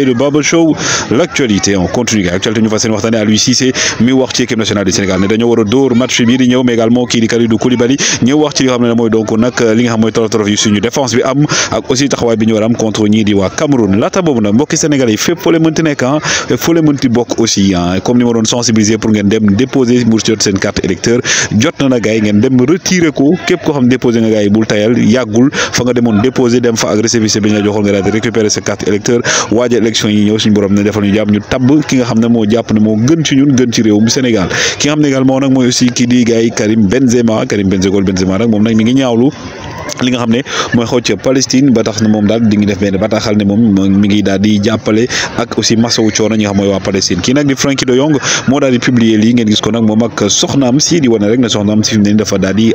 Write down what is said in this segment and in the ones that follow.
et le Bubble Show l'actualité en continu gars actualité ñu fas yéene lui Aliou c'est mi wax ci équipe nationale du Sénégal ne dañoo war a dóor match bii di ñëw mais également kii di Kalidou Koulibaly ñëw wax ci li nga xam ne mooy donc nag li nga xam mooy tolof yu suñu défense bi am ak aussi taxawaay bi ñu war am contre ñii di waa Cameroun laata boobu nag mbokki Sénégalais yi fépp foo leen mënti nekk ah foo leen mënti aussi ah comme ni ma doon sensibiliser pour ngeen dem déposer mu jot seen carte électeur jot na na gars yi ngeen dem retirer ko képp koo xam déposé nga gars yi bul tayal yàggul fa nga demoon déposer dem fa ak récépissé bi ñu la joxoon nga daal récupérer sa carte électeur waajal élection yi ñëw suñu borom ne defal ñu jàpp ñu tabb ki nga xam ne moo jàpp ne moo gën ci ñun gën ci réewum Sénégal ki nga xam ne également nag mooy aussi kii di Karim Benzema Karim Benzema Benzema nag moom nag mi ngi ñaawlu li nga xam ne mooy xaw ca Palestine ba na moom daal di def benn bataaxal ne moom mi ngi daal jàppale ak aussi masawu coono ñi nga xam mooy waa Palestine kii nag di Frenkie de Jong moo daal di publier lii ngeen gis ko nag moom ak soxnaam si di wane rek ne soxnaam si fi mu ne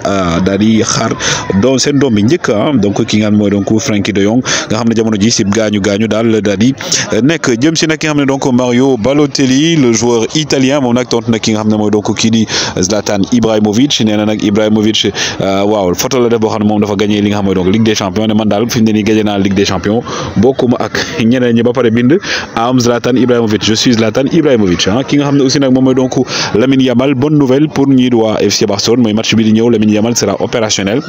ah, seen doom bi njëkk ah donc ki nga xam mooy donc Frenkie de Jong nga xam ne jamono ji si gaañu gaañu daal daal di nekk jëm ki nga xam ne Mario Balotelli le joueur italien moom nag tontu nag ki nga xam ne mooy donc kii di Zlatan Ibrahimovic nee nag Ibrahimovic ah, gagné li nga xam donc Ligue des champions ne man daal fi mu ne nii gagné la Ligue des champions bokkuma ak ñeneen ñi ba pare bind am Zlatan Ibrahimovic je suis Zlatan Ibrahimovic qui ah. ki nga xam aussi nag moom mooy donc Lamine Yamal bonne nouvelle pour ñi FC Barcelone mooy match bi di ñëw Lamine Yamal sera opérationnel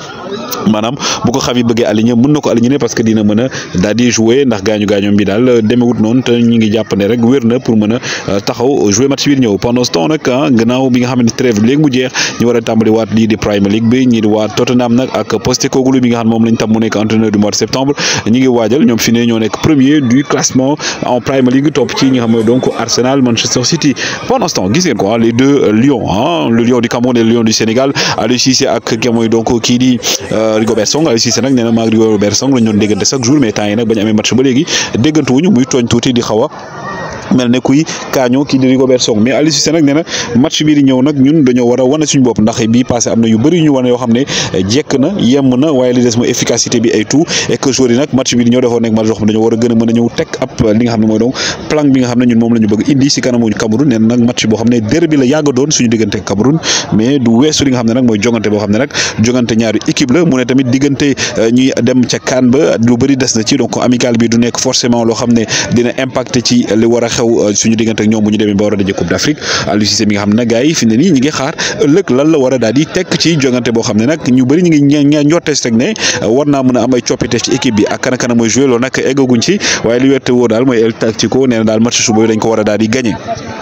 madame bu ko Xavi bëggee aligné mën na ko parce que dina mën a di jouer ndax gaañu gaañoom bi daal demewut noonu te ñu ngi jàpp ne rek pour mën t'as euh, taxaw jouer match bi di ñëw pendant ce temps nag ah gannaaw bi nga xam ne trêve léegi mondiale jeex ñu war a tàmbali waat lii di Premier League bi ñi di waa Tottenham nag ak Posteco Soglu bi nga xam mom lañ tam mu nek entraîneur du mois de septembre ñi ngi waajal ñom fini ñoo nek premier du classement en Premier League top ci ñi xam donc Arsenal Manchester City pendant ce temps gis ngeen quoi les deux euh, Lyon hein le Lyon du Cameroun et le Lyon du Sénégal ci ci ak gamoy donc ki di euh, Rigobert Song Aliou ci nag nee na Rigobert Song lañ doon déggante chaque jour mais temps yi nak bañ amé match ba léegi déggantuwuñu muy tooñ touti di xawa mel ne kuy kaañoo kii di Rigobert mais Aliou Cissé nag nee na match bii di ñëw nag ñun dañoo war wane suñu bopp ndax bii passé am na yu bëri ñu wane yoo xam ne jekk na yemm na waaye li des mooy efficacité bi ay tout et que joueurs nag match bii di ñëw dafa nekk match yoo xam ne nag match boo xam ne nag jongante boo xam équipe la mu ne tamit diggante euh, ñuy dem ca CAN ba lu bëri des na ci donc amical bi du nekk forcément loo xam ne dina impacté ci xew euh, suñu diggante ñoom bu ñu demee ba war a daje Coupe d'Afrique Aliou Cissé mi nga xam ne gars yi fi ne nii ñi ngi xaar ëllëg lan war a daal di tekk ci jongante boo xam ne nag ñu bëri ñu ngi njortees rek ne euh, war naa mën a am ay coppite ci équipe bi ak kan kan mooy joué loolu nag eggaguñ ci waaye li wette woo daal mooy El Tactico nee na daal match suba dañ ko war daal di gagné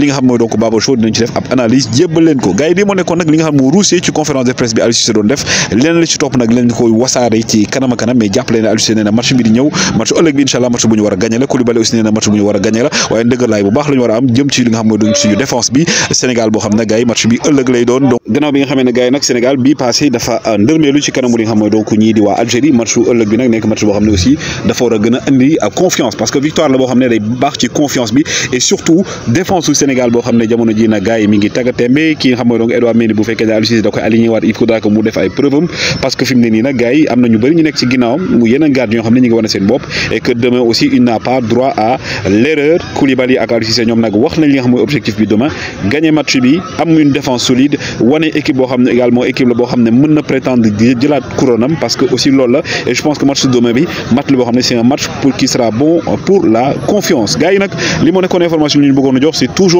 li nga xam mooy donc babo Show dinañ ci def ab analyse jébbal leen ko gars yi di moo nekkoon nak li nga xam mo ruusee ci conférence de presse bi Aliou Cissé doon def leneen la ci topp nag leen koy wasaare ci kanam kanam mais japp leen ne Aliou na match bi di ñew match ëllëg bi inshallah match bu ñu wara a gagné la Koulibaly aussi nee na match bu ñu wara a gagné la waye ndëgër lay bu baax la ñu war am jëm ci li nga xam mooy donc suñu défense bi Sénégal bo xam ne gars match bi ëllëg lay doon donc gannaaw bi nga xamee ne gars yi Sénégal bi passé dafa euh, ndërmeelu ci kanam li nga xam moy donc ñii di wa Algérie match ëllëg bi nak nekk match bo xam aussi dafa wara gëna andi euh, confiance parce que victoire la bo xam day baax ci confiance bi et surtout défense Sénégal boo xam ne jamono ji na gars yi mi ngi tagatémbe ki nga xam mooy donc Edouard Mendy bu fekkee ne Aliou Cissé da koy aligné waat il faudra que mu def ay preuve parce que fi mu ne nii nag gars yi am na ñu bëri ñu nekk ci ginnaawam mu yeneen garde yoo xam ne ngi wane seen bopp et que demain aussi il n'a pas droit à l'erreur Koulibaly ak Aliou Cissé ñoom nag wax nañ li nga xam mooy objectif bi demain gagner match bi am une défense solide wane équipe boo xam ne également équipe la boo xam ne mën na prétendre jëlaat couronne am parce que aussi loolu la et je pense que match de demain bi match la boo xam c'est un match pour qui sera bon pour la confiance gars yi nag li moo nekkoon information ñu bëggoon a jox c'est toujours